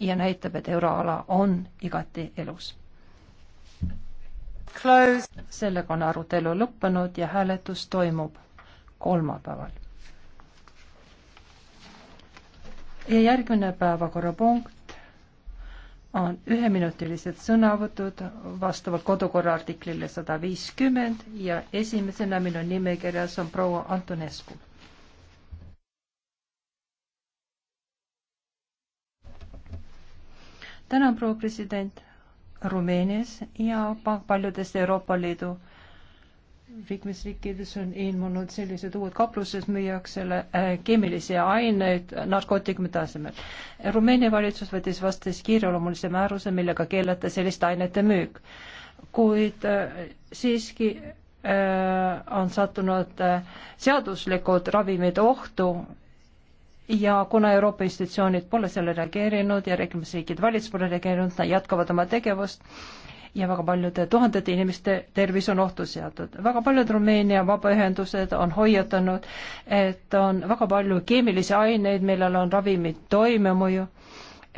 ja näitab, et euroala on igati elus. sellega on arutelu lõppenud ja hääletus toimub kolmapäeval. ja järgmine päevakorrapunkt on üheminutilised sõnavõtud vastavalt kodukorra artiklile sada viiskümmend ja esimesena minu nimekirjas on proua Antonescu täna proua president Rumeenias ja paljudest Euroopa Liidu liikmesriikides on ilmunud sellised uued kaplused, müüaksele äh, keemilisi aineid narkootikumide asemel. Rumeenia valitsus võttis vastu kiireloomulise määruse, millega keelata selliste ainete müük, kuid äh, siiski äh, on sattunud seaduslikud ravimid ohtu ja kuna Euroopa institutsioonid pole sellele reageerinud ja liikmesriigid valitsus pole reageerinud, nad jätkavad oma tegevust ja väga paljude tuhandete inimeste tervis on ohtu seatud. väga paljud Rumeenia vabaühendused on hoiatanud, et on väga palju keemilisi aineid, millel on ravimi toimemõju.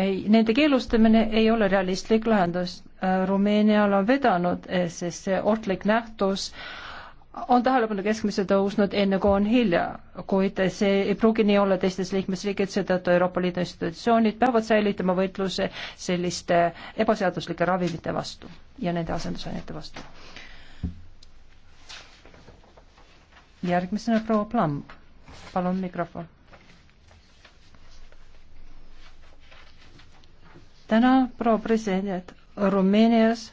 ei, nende keelustamine ei ole realistlik lahendus. Äh, Rumeenial on vedanud, sest see ohtlik nähtus äh, on tähelepanu keskmise tõusnud enne kui on hilja, kuid see ei pruugi nii olla teistes liikmesriikides, seetõttu Euroopa Liidu institutsioonid peavad säilitama võitluse selliste ebaseaduslike ravimite vastu ja nende asendusainete vastu. järgmisena proua Plamm, palun mikrofon. täna proua president Rumeenias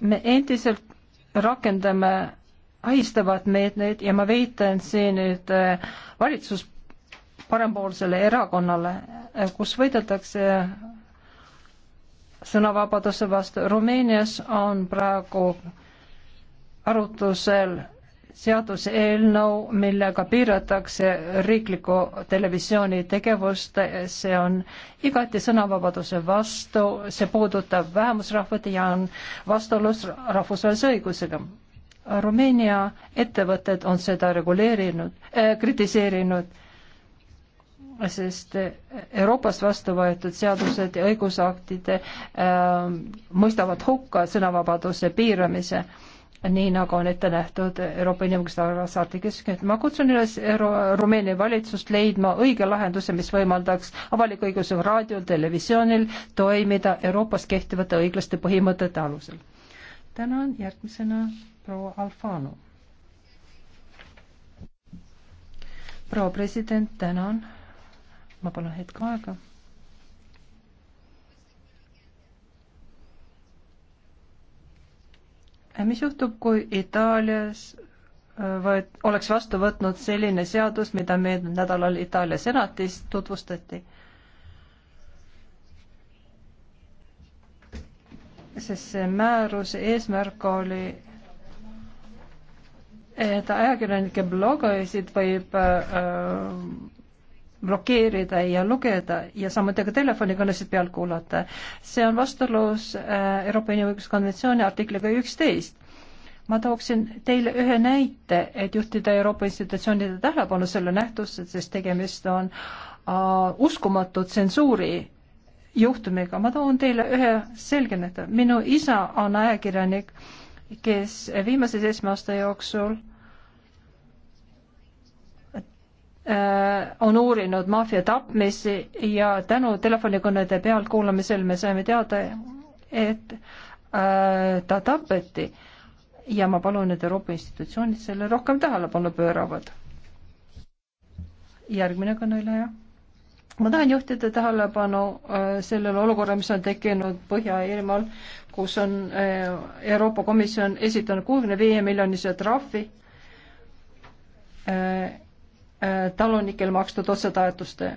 me endiselt rakendame ahistavad meetmed ja ma veitan siin nüüd eh, valitsus parempoolsele erakonnale, eh, kus võideldakse sõnavabaduse vastu. Rumeenias on praegu arutusel seaduseelnõu, millega piiratakse riikliku televisiooni tegevust, see on igati sõnavabaduse vastu, see puudutab vähemusrahvade ja on vastuolus rahvusvahelise õigusega. Rumeenia ettevõtted on seda reguleerinud äh,, kritiseerinud, sest Euroopas vastu võetud seadused ja õigusaktid äh, mõistavad hukka sõnavabaduse piiramise äh, nii nagu on ette nähtud Euroopa Inimõiguste Arvas artiklis kümme. ma kutsun üles Euro-, Rumeenia valitsust leidma õige lahenduse, mis võimaldaks avalik-õigusel raadiol, televisioonil toimida Euroopas kehtivate õiglaste põhimõtete alusel. tänan, järgmisena proua Alfano. proua president, tänan. ma palun hetk aega mis juhtub, kui Itaalias äh, võet-, oleks vastu võtnud selline seadus, mida möödunud nädalal Itaalia senatis tutvustati? sest see määruse eesmärk oli, et ajakirjanikke blogajasid võib äh, blokeerida ja lugeda ja samuti ka telefonikõnesid pealt kuulata. see on vastuolus äh, Euroopa Inimõiguste konventsiooni artikliga üksteist. ma tooksin teile ühe näite, et juhtida Euroopa institutsioonide tähelepanu selle nähtusse, sest tegemist on uh, uskumatu tsensuuri juhtumiga. ma toon teile ühe selge näite. minu isa on ajakirjanik, kes viimase seitsme aasta jooksul uh, Äh, on uurinud maffia tapmisi ja tänu telefonikõnede pealtkuulamisel me saime teada, et äh, ta tapeti ja ma palun, et Euroopa institutsioonid selle rohkem tähelepanu pööravad. järgmine kõneleja. ma tahan juhtida tähelepanu äh, sellele olukorrale, mis on tekkinud Põhja-Iirimaal, kus on äh, Euroopa Komisjon esitanud kuuekümne viie miljonise trahvi äh, talunikel makstud otsetoetuste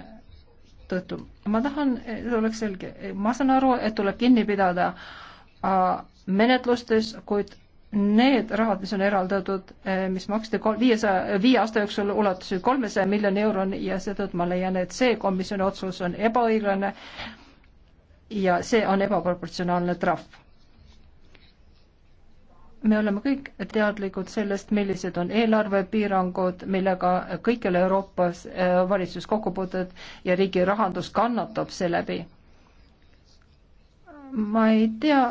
tõttu. ma tahan, et oleks selge, ma saan aru, et tuleb kinni pidada äh, menetlustes, kuid need rahad, mis on eraldatud, äh, mis maksti viiesaja, viie aasta jooksul ulatusid kolmesaja miljoni euroni ja seetõttu ma leian, et see komisjoni otsus on ebaõiglane ja see on ebaproportsionaalne trahv me oleme kõik teadlikud sellest, millised on eelarvepiirangud, millega kõikjal Euroopas äh, valitsus kokku puutub ja riigi rahandus kannatab seeläbi. ma ei tea,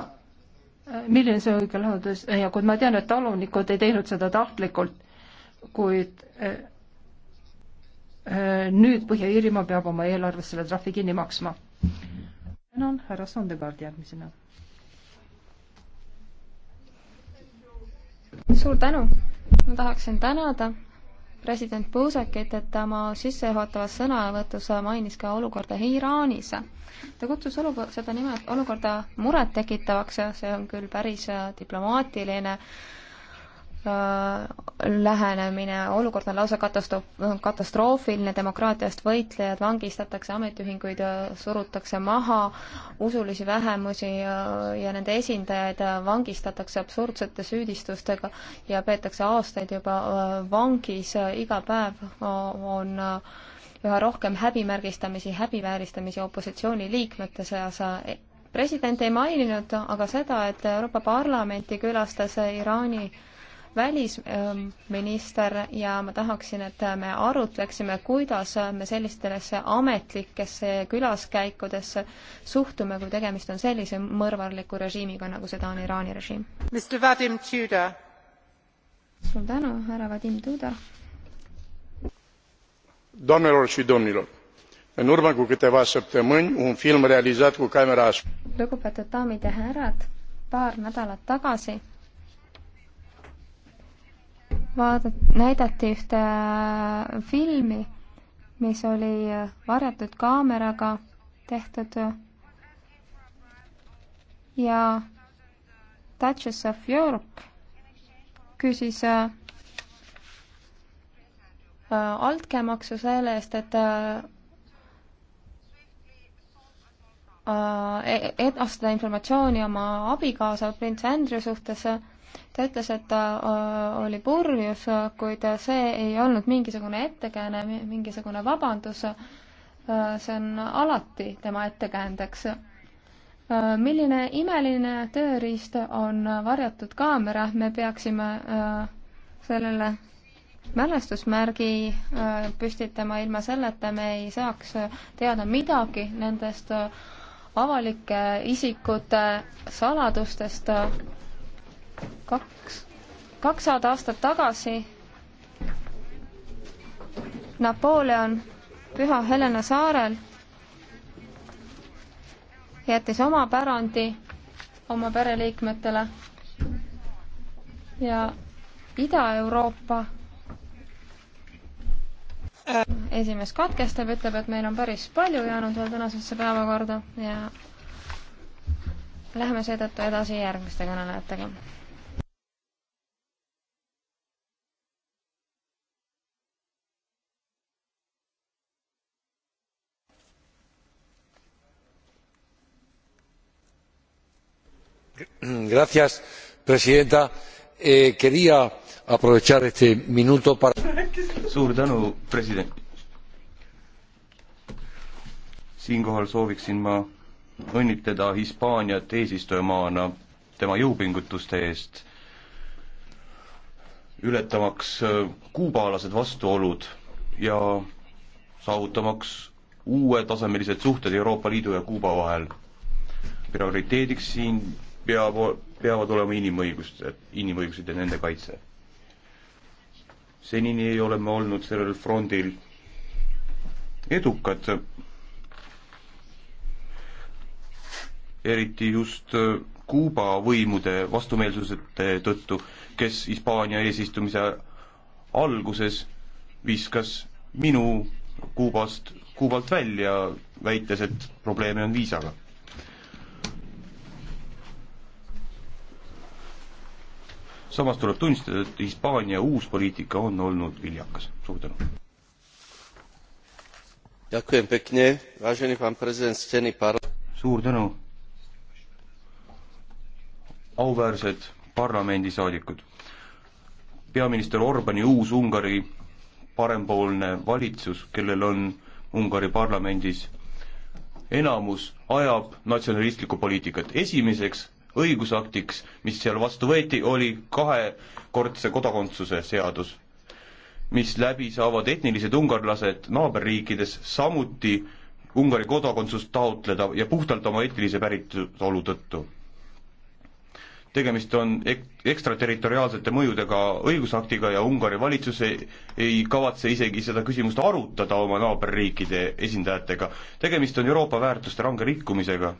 äh, milline see õige lahendus äh, ja kuid ma tean, et talunikud ei teinud seda tahtlikult, kuid nüüd Põhja-Iirimaa peab oma eelarvest selle trahvi kinni maksma. tänan, härra Sondegaard järgmisena suur tänu. ma tahaksin tänada president Buzekit, et ta oma sissejuhatavas sõnavõtus mainis ka olukorda Iraanis. ta kutsus olukorda, seda nime, olukorda murettekitavaks ja see on küll päris diplomaatiline äh, Äh, lähenemine, olukord on lausa katastroof, katastroofiline, demokraatia eest võitlejad vangistatakse, ametiühinguid surutakse maha, usulisi vähemusi ja, ja nende esindajaid vangistatakse absurdsete süüdistustega ja peetakse aastaid juba äh, vangis, iga päev äh, on üha rohkem häbimärgistamisi, häbivääristamisi opositsiooniliikmete seas e, president ei maininud aga seda, et Euroopa Parlamenti külastas Iraani välisminister ja ma tahaksin, et me arutleksime, kuidas me sellistesse ametlikesse külaskäikudesse suhtume, kui tegemist on sellise mõrvarliku režiimiga, nagu seda on Iraani režiim. suur tänu, härra Vadim Tudor. doamnelor și domnilor, în urmă cu câteva săptămâni, un film realizat cu camera ascunsă. lugupeetud daamid ja härrad, paar nädalat tagasi vaadat-, näidati ühte äh, filmi, mis oli äh, varjatud kaameraga tehtud ja Duchess of York küsis äh, altkäemaksu selle eest, et e-, edastada informatsiooni oma abikaasa prints Andrew suhtes ta ütles, et ta äh, oli purjus, kuid see ei olnud mingisugune ettekääne, mingisugune vabandus. Äh, see on alati tema ettekäändeks. Äh, milline imeline tööriist on varjatud kaamera, me peaksime sellele mälestusmärgi püstitama ilma selleta me ei saaks teada midagi nendest avalike isikute saladustest kaks, kakssada aastat tagasi Napoleon Püha Helena saarel jättis oma pärandi oma pereliikmetele ja Ida-Euroopa esimees katkestab, ütleb, et meil on päris palju jäänud veel tänasesse päevakorda ja läheme seetõttu edasi järgmiste kõnelejatega. señora presidenta eh, quería aprovechar este minuto para. suur tänu president! siinkohal sooviksin ma õnnitleda hispaaniat eesistujamaana tema jõupingutuste eest ületamaks äh, kuubalased vastuolud ja saavutamaks uuetasemelised suhted Euroopa Liidu ja Kuuba vahel. prioriteediks siin peab, peavad olema inimõigused, inimõigused ja nende kaitse. senini ei ole me olnud sellel frondil edukad, eriti just äh, Kuuba võimude vastumeelsusete tõttu, kes Hispaania eesistumise alguses viskas minu Kuubast, Kuubalt välja, väites, et probleeme on viisaga samas tuleb tunnistada, et Hispaania uus poliitika on olnud viljakas. suur tänu. suur tänu. auväärsed parlamendisaadikud. peaminister Orbani uus Ungari parempoolne valitsus, kellel on Ungari parlamendis enamus, ajab natsionalistlikku poliitikat. esimeseks õigusaktiks, mis seal vastu võeti, oli kahekordse kodakondsuse seadus, mis läbi saavad etnilised ungarlased naaberriikides samuti Ungari kodakondsust taotleda ja puhtalt oma etnilise päritolu tõttu. tegemist on ek-, ekstraterritoriaalsete mõjudega õigusaktiga ja Ungari valitsus ei, ei kavatse isegi seda küsimust arutada oma naaberriikide esindajatega. tegemist on Euroopa väärtuste range rikkumisega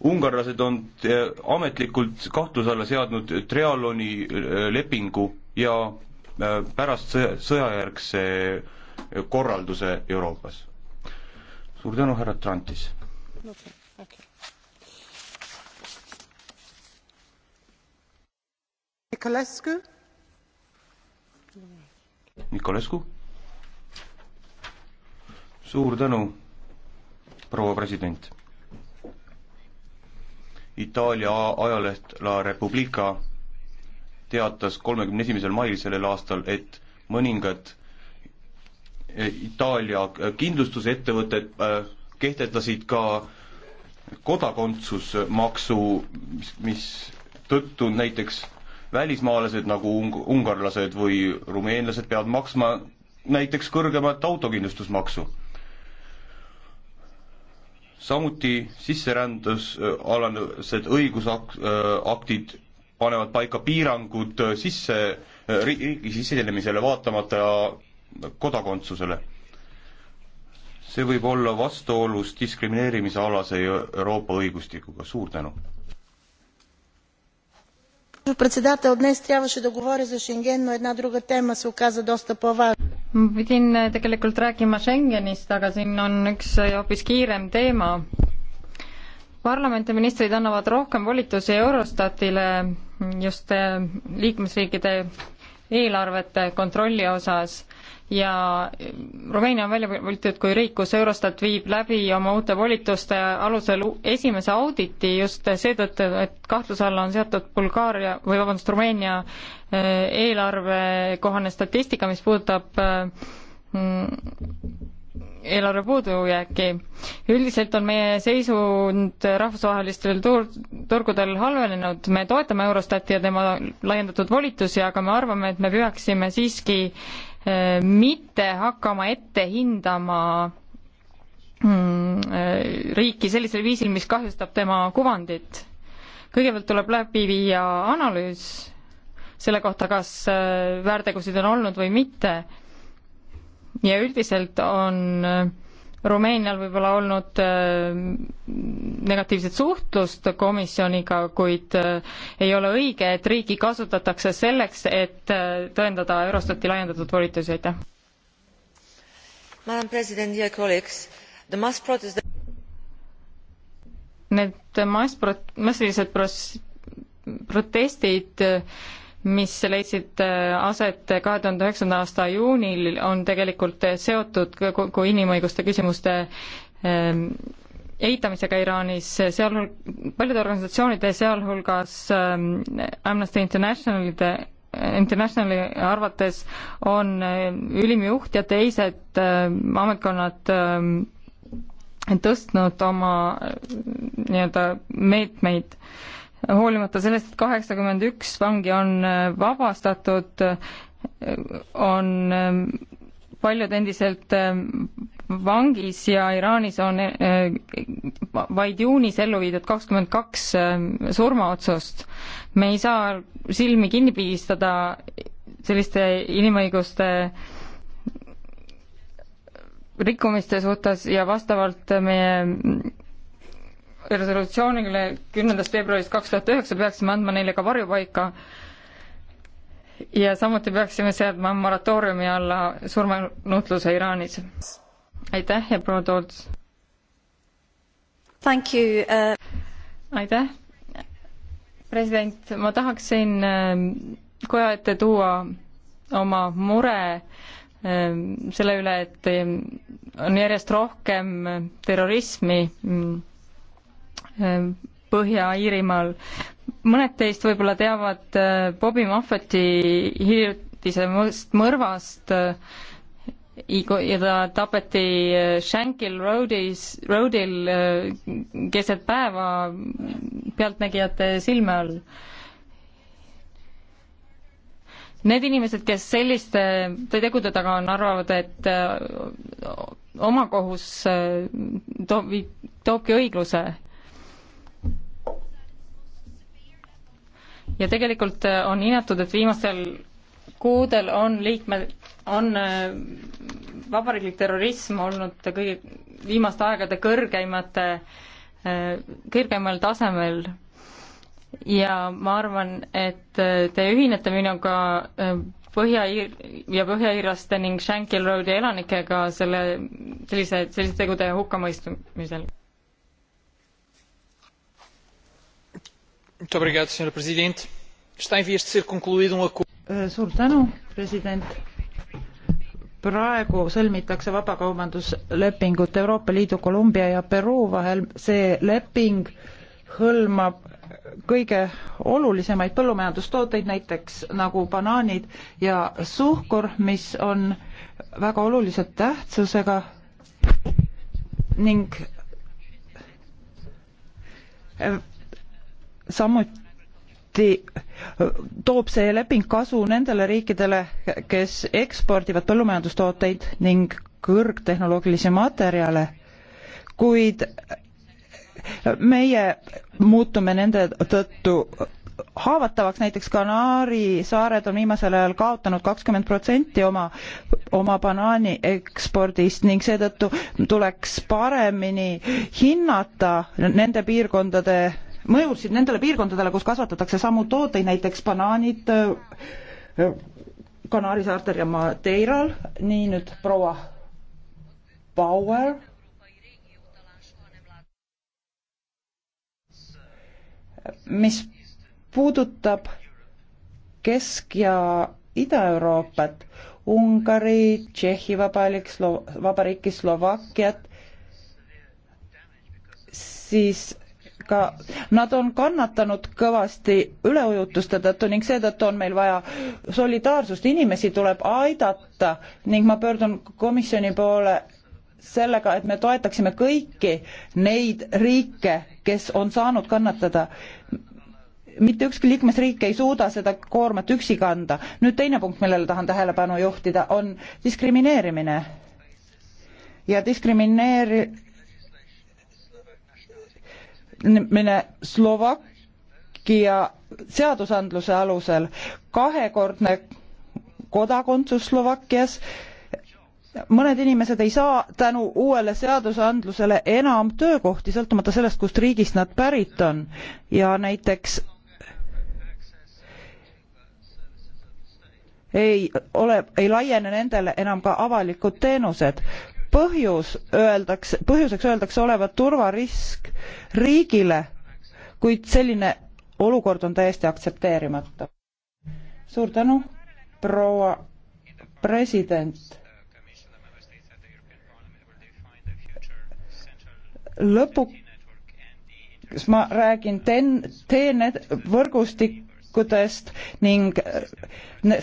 ungarlased on eh, ametlikult kahtluse alla seadnud Trialoni eh, lepingu ja eh, pärast sõja, sõjajärgse korralduse Euroopas. suur tänu, härra Trantis no,. Okay. Nicolescu. Nicolescu. suur tänu, proua president Itaalia ajaleht La Repubblica teatas kolmekümne esimesel mail sellel aastal, et mõningad e, Itaalia kindlustusettevõtted e, kehtestasid ka kodakondsusmaksu, mis, mis tõttu näiteks välismaalased nagu ung-, ungarlased või rumeenlased peavad maksma näiteks kõrgemat autokindlustusmaksu samuti sisserändusalased äh, õigusaktid äh, panevad paika piirangud äh, sisse, riigi sisenemisele vaatamata kodakondsusele. see võib olla vastuolus diskrimineerimise alase Euroopa õigustikuga, suur tänu. председател днес трябваше да говоря за шенген но една друга тема се оказа доста по важна ma pidin tegelikult rääkima Schengenist, aga siin on üks hoopis kiirem teema. parlamendi ministrid annavad rohkem volitusi Eurostatile just eh, liikmesriikide eelarvete kontrolli osas ja Rumeenia on välja valitud kui riik, kus Eurostat viib läbi oma uute volituste alusel esimese auditi just seetõttu, et kahtluse alla on seatud Bulgaaria või vabandust, Rumeenia äh, eelarvekohane statistika, mis puudutab äh, eelarve puudujääki. üldiselt on meie seisund rahvusvahelistel tur-, turgudel halvenenud, me toetame Eurostati ja tema laiendatud volitusi, aga me arvame, et me peaksime siiski äh, mitte hakkama ette hindama mm, äh, riiki sellisel viisil, mis kahjustab tema kuvandit. kõigepealt tuleb läbi viia analüüs selle kohta, kas äh, väärtegusid on olnud või mitte ja üldiselt on äh, Rumeenial võib-olla olnud äh, negatiivset suhtlust komisjoniga, kuid äh, ei ole õige, et riiki kasutatakse selleks, et äh, tõendada Eurostati laiendatud volitusi, aitäh. Need mass-, massilised protestid mis leidsid äh, aset kahe tuhande üheksanda aasta juunil, on tegelikult seotud kogu inimõiguste küsimuste ähm, eitamisega Iraanis, sealhul-, paljude organisatsioonide, sealhulgas ähm, Amnesty Internationalide, Internationali arvates on äh, ülimjuht ja teised ähm, ametkonnad tõstnud oma äh, nii-öelda meetmeid hoolimata sellest, et kaheksakümmend üks vangi on äh, vabastatud, äh, on äh, paljud endiselt vangis ja Iraanis on vaid juunis ellu viidud kakskümmend kaks surmaotsust. me ei saa silmi kinni pigistada selliste inimõiguste rikkumiste suhtes ja vastavalt meie resolutsioonile kümnendast veebruarist kaks tuhat üheksa peaksime andma neile ka varjupaika ja samuti peaksime seadma moratooriumi alla surmanutluse Iraanis. aitäh ja proua Toots! Uh... aitäh, president, ma tahaksin äh, koja ette tuua oma mure ähm, selle üle, et ähm, on järjest rohkem äh, terrorismi mm, Põhja-Iirimaal. mõned teist võib-olla teavad äh, Bobby Muffeti hiljutisest mõrvast, äh, ja ta tapeti äh, Shankill Roadis, Roadil keset päeva pealtnägijate silme all need inimesed, kes selliste tegude taga on, arvavad, et oma kohus toob, toobki õigluse ja tegelikult äh, on hinnatud, et viimastel kuudel on liikmed, on äh, vabariiklik terrorism olnud kõige, viimaste aegade kõrgeimate, äh, kõrgeimal tasemel ja ma arvan, et teie ühinete minuga Põhja-Iir- ja Põhja-Iirlaste ning Shankill Roadi elanikega selle, sellise, selliste tegude hukkamõistmisel Um äh, suur tänu, president. praegu sõlmitakse vabakaubanduslepingut Euroopa Liidu, Kolumbia ja Peruu vahel. see leping hõlmab kõige olulisemaid põllumajandustooteid, näiteks nagu banaanid ja suhkur, mis on väga olulise tähtsusega ning samuti äh, toob see leping kasu nendele riikidele, kes ekspordivad põllumajandustooteid ning kõrgtehnoloogilisi materjale, kuid meie muutume nende tõttu haavatavaks, näiteks Kanaari saared on viimasel ajal kaotanud kakskümmend protsenti oma, oma banaani ekspordist ning seetõttu tuleks paremini hinnata nende piirkondade mõjusid nendele piirkondadele, kus kasvatatakse samu tooteid, näiteks banaanid äh, Kanaari saartel ja Madeiral, nii nüüd proua Bauer. mis puudutab Kesk- ja Ida-Euroopat, Ungari, Tšehhi Vabariik, Slo-, Vabariiki, Slovakkiat, siis ka, nad on kannatanud kõvasti üleujutuste tõttu ning seetõttu on meil vaja solidaarsust, inimesi tuleb aidata ning ma pöördun komisjoni poole sellega, et me toetaksime kõiki neid riike, kes on saanud kannatada mitte ükski liikmesriik ei suuda seda koormat üksi kanda. nüüd teine punkt, millele tahan tähelepanu juhtida, on diskrimineerimine. ja diskrimineeri-, ühtlustamine Slovakkia seadusandluse alusel, kahekordne kodakondsus Slovakkias, mõned inimesed ei saa tänu uuele seadusandlusele enam töökohti, sõltumata sellest, kust riigist nad pärit on ja näiteks ei ole, ei laiene nendele enam ka avalikud teenused põhjus öeldakse, põhjuseks öeldakse olevat turvarisk riigile, kuid selline olukord on täiesti aktsepteerimatu. suur tänu, proua president. lõpuks ma räägin ten-, teened võrgustikutest ning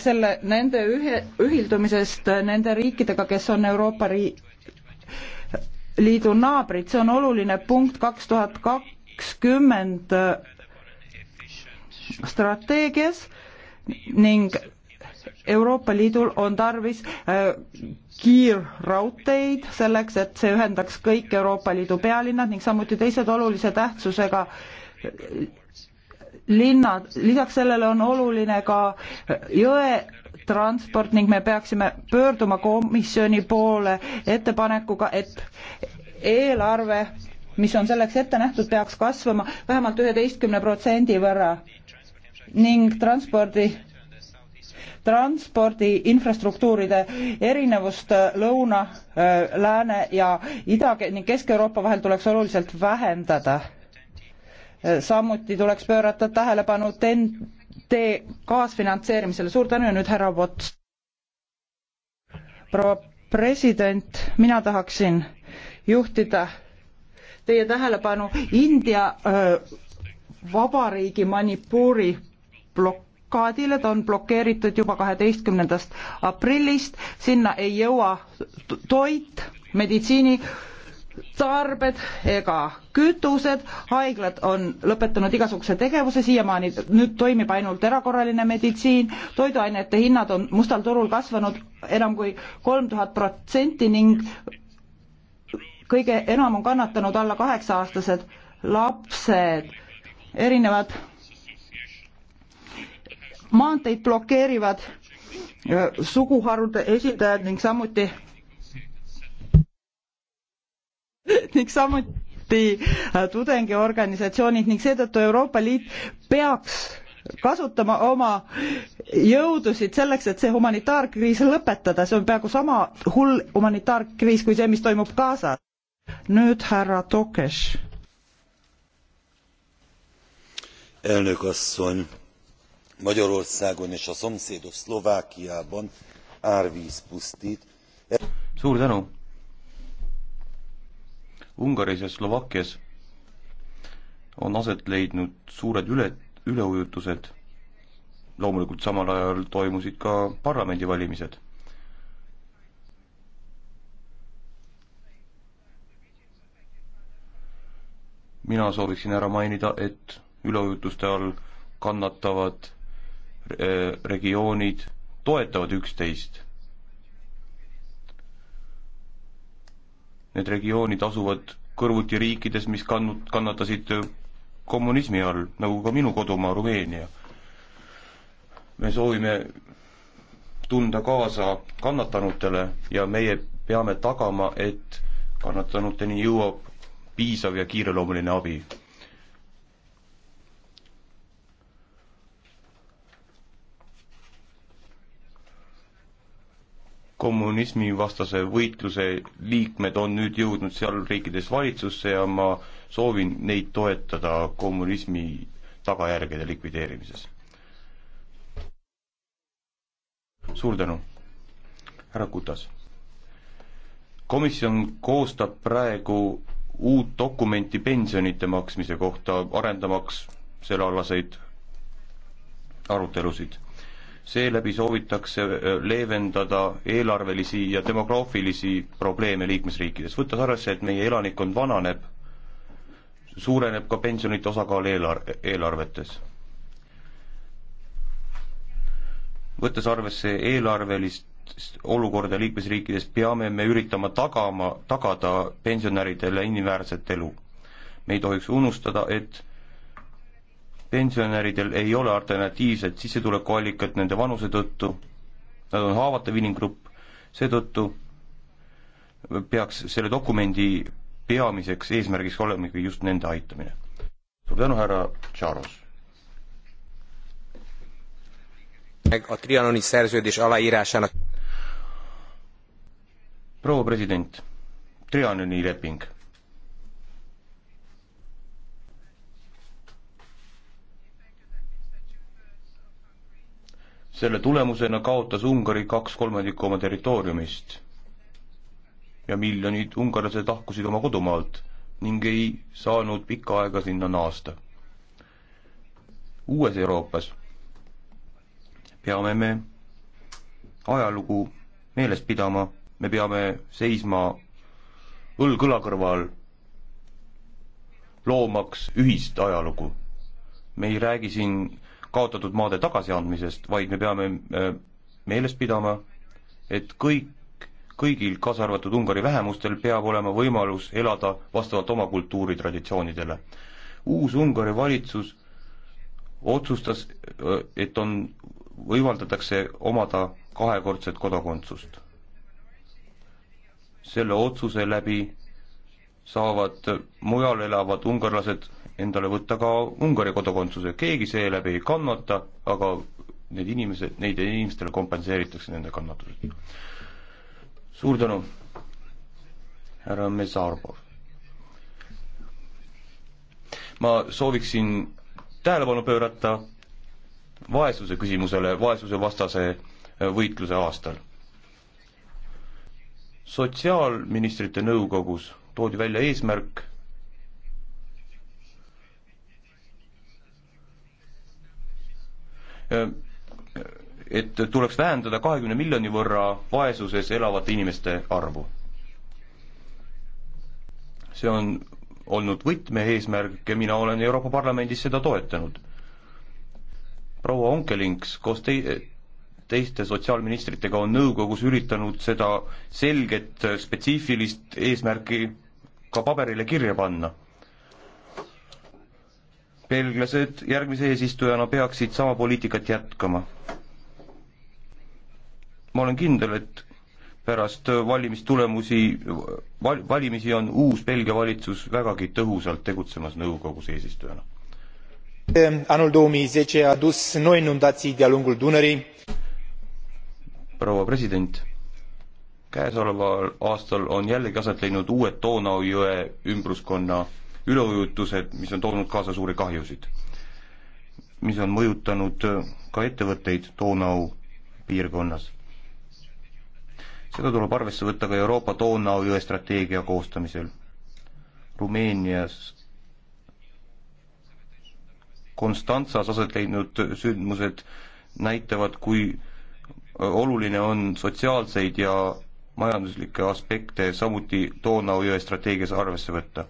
selle, nende ühe, ühildumisest nende riikidega, kes on Euroopa riik, liidu naabrid, see on oluline punkt kaks tuhat kakskümmend strateegias ning Euroopa Liidul on tarvis äh, kiirraudteid selleks, et see ühendaks kõik Euroopa Liidu pealinnad ning samuti teised olulise tähtsusega linnad, lisaks sellele on oluline ka jõe transport ning me peaksime pöörduma komisjoni poole ettepanekuga, et eelarve, mis on selleks ette nähtud, peaks kasvama vähemalt üheteistkümne protsendi võrra ning transpordi transpordi infrastruktuuride erinevust lõuna, äh, lääne ja ida ning Kesk-Euroopa vahel tuleks oluliselt vähendada. Äh, samuti tuleks pöörata tähelepanu ten-, tee kaasfinantseerimisele. suur tänu ja nüüd härra Pots. proua president, mina tahaksin juhtida teie tähelepanu India öö, vabariigi Manipuri blokaadile, ta on blokeeritud juba kaheteistkümnendast aprillist, sinna ei jõua toit, meditsiini tarbed ega kütused, haiglad on lõpetanud igasuguse tegevuse, siiamaani nüüd toimib ainult erakorraline meditsiin, toiduainete hinnad on mustal turul kasvanud enam kui kolm tuhat protsenti ning kõige enam on kannatanud alla kaheksa-aastased lapsed, erinevad maanteid blokeerivad äh, suguharude esindajad ning samuti ning samuti äh, tudengiorganisatsioonid ning seetõttu Euroopa Liit peaks kasutama oma jõudusid selleks, et see humanitaarkriis lõpetada, see on peaaegu sama hull humanitaarkriis kui see, mis toimub Gazas. nüüd härra Tokes. elnök asszony, Magyarországon és a szomszédos Szlovákiában árvíz pusztít. suur tänu Ungaris ja Slovakkias on aset leidnud suured üle, üleujutused, loomulikult samal ajal toimusid ka parlamendivalimised. mina sooviksin ära mainida, et üleujutuste all kannatavad eh, regioonid toetavad üksteist Need regioonid asuvad kõrvuti riikides, mis kannud, kannatasid kommunismi all, nagu ka minu kodumaa Rumeenia. me soovime tunda kaasa kannatanutele ja meie peame tagama, et kannatanuteni jõuab piisav ja kiireloomuline abi kommunismivastase võitluse liikmed on nüüd jõudnud seal riikides valitsusse ja ma soovin neid toetada kommunismi tagajärgede likvideerimises. suur tänu, härra Kutas. komisjon koostab praegu uut dokumenti pensionite maksmise kohta, arendamaks sellealaseid arutelusid seeläbi soovitakse äh, leevendada eelarvelisi ja demograafilisi probleeme liikmesriikides, võttes arvesse, et meie elanikkond vananeb, suureneb ka pensionite osakaal eelar-, eelarvetes. võttes arvesse eelarvelist olukorda liikmesriikides, peame me üritama tagama, tagada pensionäridele inimväärset elu. me ei tohiks unustada, et pensionäridel ei ole alternatiivset sissetulekuallikat nende vanuse tõttu, nad on haavatav inimgrupp, seetõttu peaks selle dokumendi peamiseks eesmärgiks olemegi just nende aitamine. suur tänu, härra Charles! a trianoni szerződés aláírásának. proua president, Trianoni leping selle tulemusena kaotas Ungari kaks kolmandikku oma territooriumist ja miljonid ungarlased lahkusid oma kodumaalt ning ei saanud pikka aega sinna naasta. uues Euroopas peame me ajalugu meeles pidama, me peame seisma õlg õla kõrval, loomaks ühist ajalugu. me ei räägi siin kaotatud maade tagasiandmisest, vaid me peame äh, meeles pidama, et kõik, kõigil, kaasa arvatud Ungari vähemustel, peab olema võimalus elada vastavalt oma kultuuritraditsioonidele. uus Ungari valitsus otsustas, äh, et on, võimaldatakse omada kahekordset kodakondsust. selle otsuse läbi saavad mujal elavad ungarlased endale võtta ka Ungari kodakondsuse, keegi seeläbi ei kannata, aga need inimesed, neid inimestele kompenseeritakse nende kannatused. suur tänu, härra Mesarbov. ma sooviksin tähelepanu pöörata vaesuse küsimusele vaesusevastase äh, võitluse aastal. sotsiaalministrite nõukogus toodi välja eesmärk et tuleks vähendada kahekümne miljoni võrra vaesuses elavate inimeste arvu. see on olnud võtmeeesmärk ja mina olen Euroopa Parlamendis seda toetanud. proua Onkelings koos tei-, teiste sotsiaalministritega on nõukogus üritanud seda selget spetsiifilist eesmärki ka paberile kirja panna. belglased järgmise eesistujana peaksid sama poliitikat jätkama. ma olen kindel, et pärast valimistulemusi val,, valimisi on uus Belgia valitsus vägagi tõhusalt tegutsemas nõukogus eesistujana. anul proua president käesoleval aastal on jällegi aset leidnud uued Donau jõe ümbruskonna üleujutused, mis on toonud kaasa suuri kahjusid, mis on mõjutanud ka ettevõtteid Donau piirkonnas. seda tuleb arvesse võtta ka Euroopa Donau jõe strateegia koostamisel. Rumeenias Konstantsas aset leidnud sündmused näitavad, kui oluline on sotsiaalseid ja majanduslikke aspekte samuti Donau jõe strateegias arvesse võtta.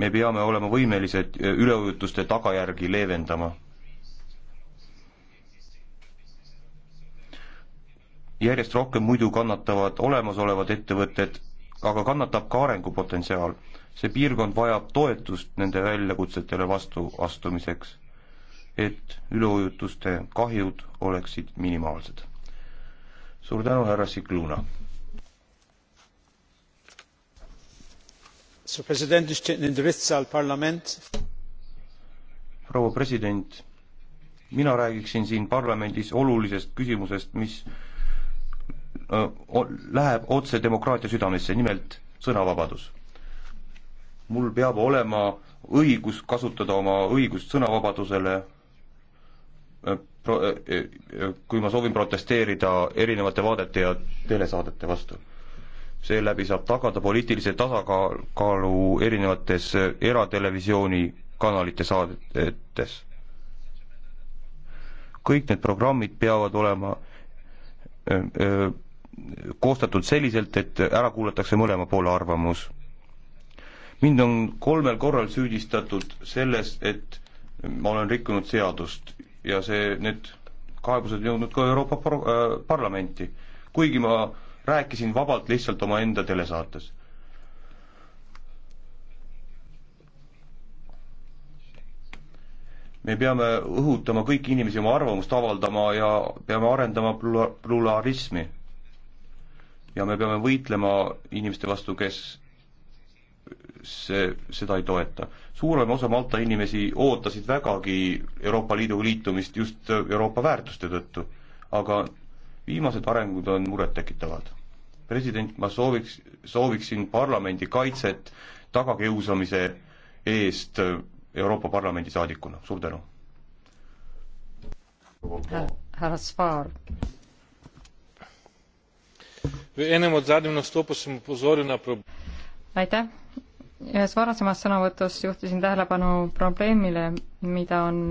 me peame olema võimelised üleujutuste tagajärgi leevendama. järjest rohkem muidu kannatavad olemasolevad ettevõtted, aga kannatab ka arengupotentsiaal. see piirkond vajab toetust nende väljakutsetele vastuastumiseks, et üleujutuste kahjud oleksid minimaalsed suur tänu, härra Sikluna. proua president, mina räägiksin siin parlamendis olulisest küsimusest, mis läheb otse demokraatia südamesse, nimelt sõnavabadus. mul peab olema õigus kasutada oma õigust sõnavabadusele Äh, äh, kui ma soovin protesteerida erinevate vaadete ja telesaadete vastu. seeläbi saab tagada poliitilise tasakaalu erinevates eratelevisiooni kanalite saadetes. kõik need programmid peavad olema äh, koostatud selliselt, et ära kuulatakse mõlema poole arvamus. mind on kolmel korral süüdistatud selles, et ma olen rikkunud seadust ja see, need kaebused on jõudnud ka Euroopa par-, äh, Parlamenti. kuigi ma rääkisin vabalt lihtsalt omaenda telesaates. me peame õhutama kõiki inimesi oma arvamust avaldama ja peame arendama plura-, pluralismi. ja me peame võitlema inimeste vastu, kes see, seda ei toeta. suurem osa Malta inimesi ootasid vägagi Euroopa Liiduga liitumist just Euroopa väärtuste tõttu, aga viimased arengud on murettekitavad. president, ma sooviks, sooviksin parlamendi kaitset tagakiusamise eest Euroopa Parlamendi saadikuna, suur tänu. härra Spaar. v enem od zadnjih nastopov sem opozoril na aitäh, ühes varasemas sõnavõtus juhtisin tähelepanu probleemile, mida on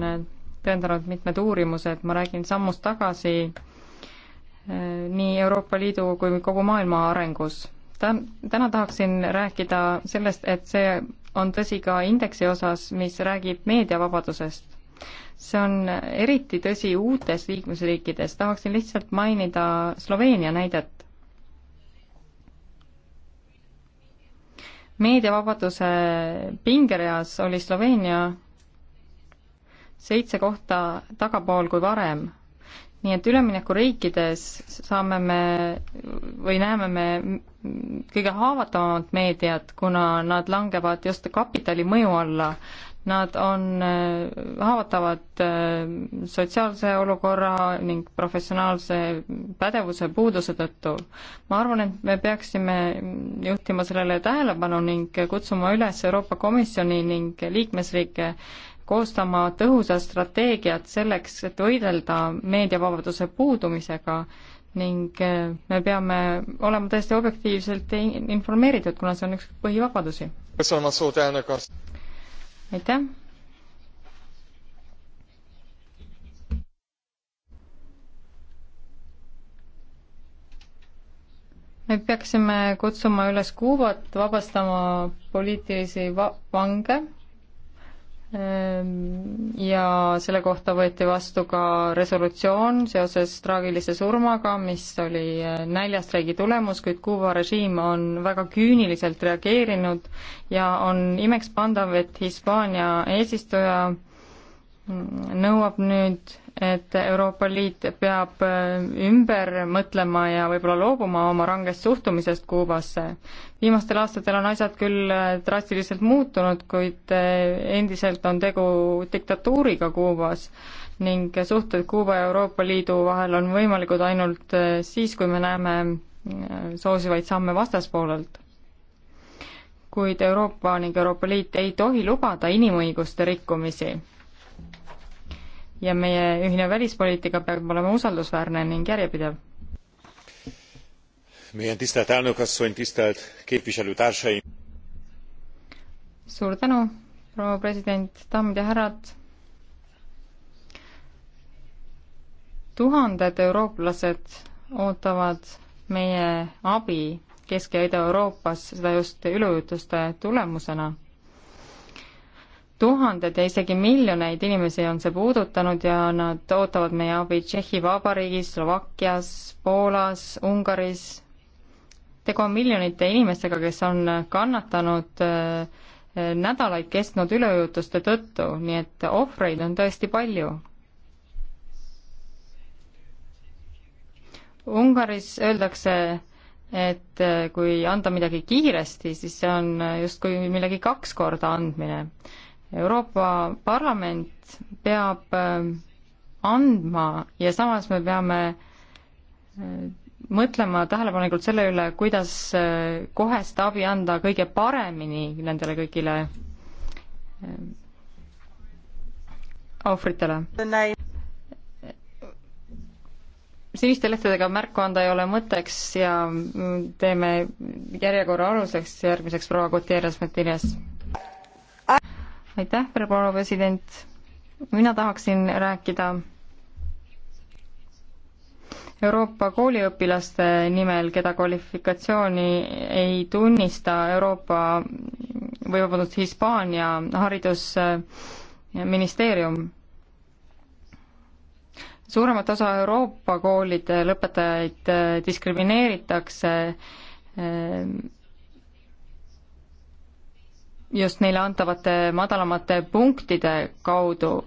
tõendanud mitmed uurimused, ma räägin sammust tagasi eh, nii Euroopa Liidu kui kogu maailma arengus. Tän-, täna tahaksin rääkida sellest, et see on tõsi ka indeksi osas, mis räägib meediavabadusest. see on eriti tõsi uutes liikmesriikides, tahaksin lihtsalt mainida Sloveenia näidet. meediavabaduse pingereas oli Sloveenia seitse kohta tagapool kui varem nii et üleminekuriikides saame me või näeme me kõige haavatavamat meediat, kuna nad langevad just kapitali mõju alla Nad on äh, haavatavad äh, sotsiaalse olukorra ning professionaalse pädevuse puuduse tõttu. ma arvan, et me peaksime juhtima sellele tähelepanu ning kutsuma üles Euroopa Komisjoni ning liikmesriike koostama tõhusa strateegiat selleks, et võidelda meediavabaduse puudumisega ning äh, me peame olema täiesti objektiivselt informeeritud, kuna see on üks põhivabadusi. kas on suur tänu, kas aitäh. me peaksime kutsuma üles Kuubat vabastama poliitilisi va vange Ehm, ja selle kohta võeti vastu ka resolutsioon seoses traagilise surmaga, mis oli eh, näljastreigi tulemus, kuid Kuuba režiim on väga küüniliselt reageerinud ja on imekspandav, et Hispaania eesistuja nõuab nüüd, et Euroopa Liit peab äh, ümber mõtlema ja võib-olla loobuma oma rangest suhtumisest Kuubasse. viimastel aastatel on asjad küll äh, drastiliselt muutunud, kuid äh, endiselt on tegu diktatuuriga Kuubas ning suhted Kuuba ja Euroopa Liidu vahel on võimalikud ainult siis, kui me näeme soosivaid samme vastaspoolelt kuid Euroopa ning Euroopa Liit ei tohi lubada inimõiguste rikkumisi ja meie ühine välispoliitika peab olema usaldusväärne ning järjepidev. meie tisztelt elnökasszony, tisztelt képviselőtársaim! suur tänu, proua president, daamid ja härrad! tuhanded eurooplased ootavad meie abi Kesk- ja Ida-Euroopas, seda just üleujutuste tulemusena tuhanded ja isegi miljoneid inimesi on see puudutanud ja nad ootavad meie abi Tšehhi Vabariigis, Slovakkias, Poolas, Ungaris. tegu on miljonite inimestega, kes on kannatanud eh, eh, nädalaid kestnud üleujutuste tõttu, nii et ohvreid on tõesti palju. Ungaris öeldakse, et eh, kui anda midagi kiiresti, siis see on justkui millegi kaks korda andmine Euroopa Parlament peab äh, andma ja samas me peame äh, mõtlema tähelepanelikult selle üle, kuidas äh, kohest abi anda kõige paremini nendele kõigile ohvritele. siniste lehtedega märku anda ei ole mõtteks ja mm, teeme järjekorra aluseks järgmiseks proua Gutierrez Matias aitäh, härra proua president. mina tahaksin rääkida Euroopa kooliõpilaste nimel, keda kvalifikatsiooni ei tunnista Euroopa või vabandust, Hispaania haridusministeerium. suuremat osa Euroopa koolide lõpetajaid diskrimineeritakse just neile antavate madalamate punktide kaudu.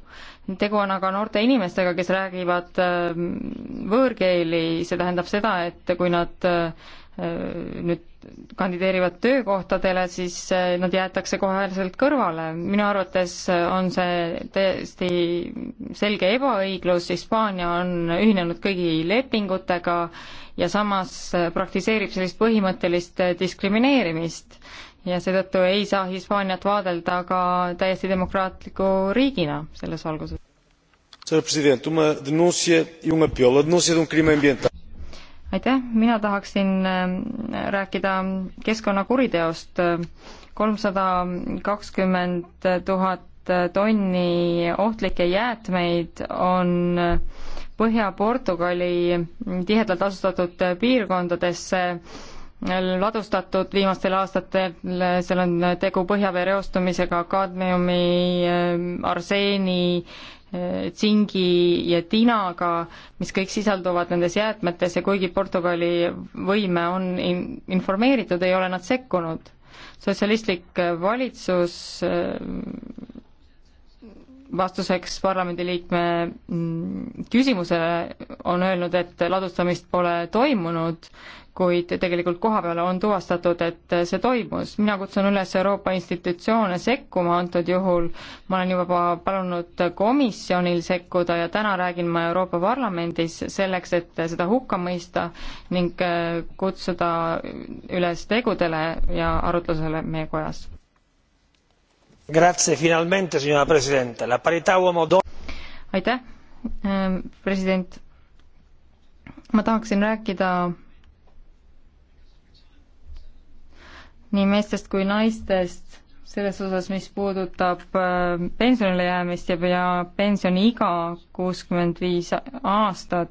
tegu on aga noorte inimestega, kes räägivad ähm, võõrkeeli, see tähendab seda, et kui nad äh, nüüd kandideerivad töökohtadele, siis äh, nad jäetakse koheselt kõrvale. minu arvates on see täiesti selge ebaõiglus, Hispaania on ühinenud kõigi lepingutega ja samas praktiseerib sellist põhimõttelist diskrimineerimist ja seetõttu ei saa Hispaaniat vaadelda ka täiesti demokraatliku riigina selles valguses. E um um aitäh, mina tahaksin äh, rääkida keskkonnakuriteost. kolmsada kakskümmend tuhat tonni ohtlikke jäätmeid on Põhja-Portugali tihedalt asustatud piirkondadesse ladustatud viimastel aastatel, seal on tegu põhjavee reostumisega, kaadmiumi, eh, arseeni, eh, tsingi ja tinaga, mis kõik sisalduvad nendes jäätmetes ja kuigi Portugali võime on in-, informeeritud, ei ole nad sekkunud. sotsialistlik valitsus eh, vastuseks parlamendiliikme mm, küsimusele on öelnud, et ladustamist pole toimunud, kuid tegelikult kohapeal on tuvastatud, et see toimus. mina kutsun üles Euroopa institutsioone sekkuma antud juhul, ma olen juba palunud komisjonil sekkuda ja täna räägin ma Euroopa Parlamendis selleks, et seda hukka mõista ning kutsuda üles tegudele ja arutlusele meie kojas aitäh, ehm, president. ma tahaksin rääkida nii meestest kui naistest selles osas, mis puudutab ehm, pensionile jäämist ja, ja pensioniiga kuuskümmend viis aastat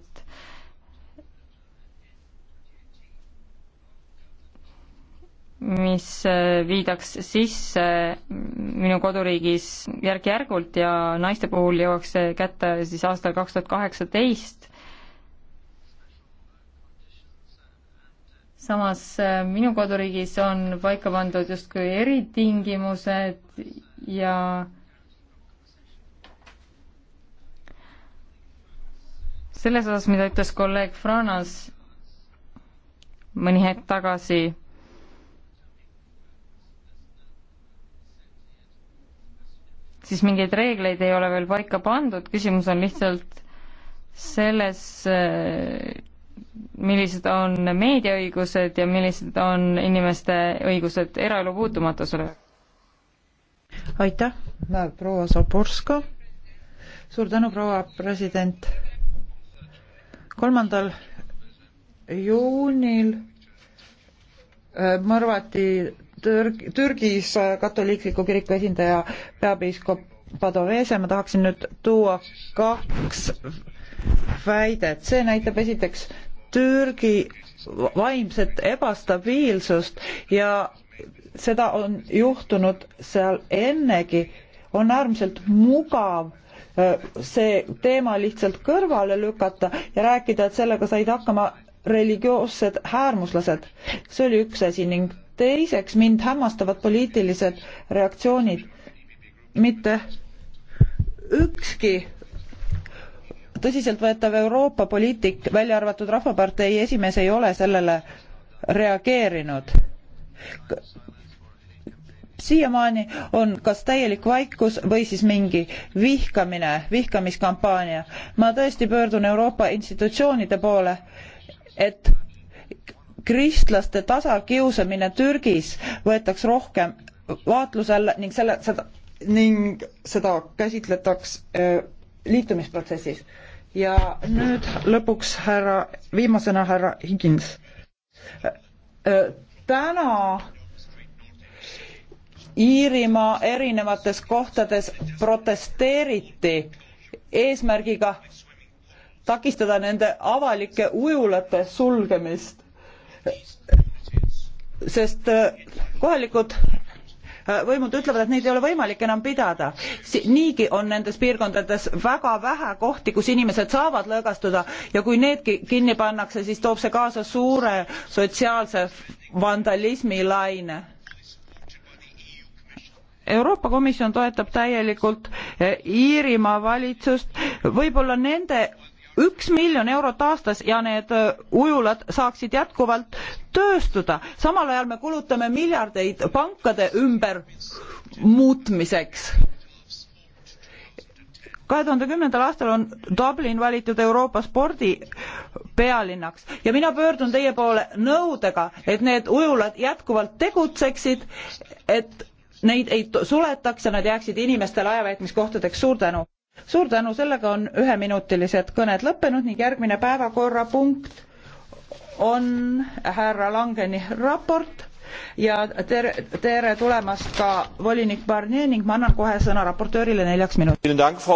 mis äh, viidaks sisse minu koduriigis järk-järgult ja naiste puhul jõuaks see kätte siis aastal kaks tuhat kaheksateist. samas äh, minu koduriigis on paika pandud justkui eritingimused ja selles osas, mida ütles kolleeg Franas mõni hetk tagasi tekstis mingeid reegleid ei ole veel paika pandud, küsimus on lihtsalt selles, millised on meediaõigused ja millised on inimeste õigused eraelu puutumatusele. aitäh, proua Zaborska. suur tänu, proua president. kolmandal juunil äh, mõrvati Türg-, Türgis katoliikliku kiriku esindaja peapiiskop Padovese, ma tahaksin nüüd tuua kaks väidet, see näitab esiteks Türgi vaimset ebastabiilsust ja seda on juhtunud seal ennegi, on äärmiselt mugav äh, see teema lihtsalt kõrvale lükata ja rääkida, et sellega said hakkama religioossed äärmuslased. see oli üks asi ning teiseks, mind hämmastavad poliitilised reaktsioonid. mitte ükski tõsiseltvõetav Euroopa poliitik, välja arvatud Rahvapartei esimees, ei ole sellele reageerinud. siiamaani on kas täielik vaikus või siis mingi vihkamine, vihkamiskampaania. ma tõesti pöördun Euroopa institutsioonide poole, et kristlaste tasakiusamine Türgis võetaks rohkem vaatluse alla ning selle, seda ning seda käsitletaks äh, liitumisprotsessis. ja nüüd lõpuks härra, viimasena härra Higins. Äh, täna Iirimaa erinevates kohtades protesteeriti eesmärgiga takistada nende avalike ujulate sulgemist sest äh, kohalikud äh, võimud ütlevad, et neid ei ole võimalik enam pidada. niigi on nendes piirkondades väga vähe kohti, kus inimesed saavad lõõgastuda ja kui needki kinni pannakse, siis toob see kaasa suure sotsiaalse vandalismi laine. Euroopa Komisjon toetab täielikult äh, Iirimaa valitsust, võib-olla nende üks miljon eurot aastas ja need äh, ujulad saaksid jätkuvalt tööstuda. samal ajal me kulutame miljardeid pankade ümber muutmiseks. kahe tuhande kümnendal aastal on Dublin valitud Euroopa spordi pealinnaks ja mina pöördun teie poole nõudega, et need ujulad jätkuvalt tegutseksid, et neid ei suletaks ja nad jääksid inimeste laevaveetmiskohtadeks. suur tänu! suur tänu, sellega on üheminutilised kõned lõppenud ning järgmine päevakorrapunkt on härra Langeni raport ja tere, tere tulemast ka volinik Barnier ning ma annan kohe sõna raportöörile neljaks minutiks.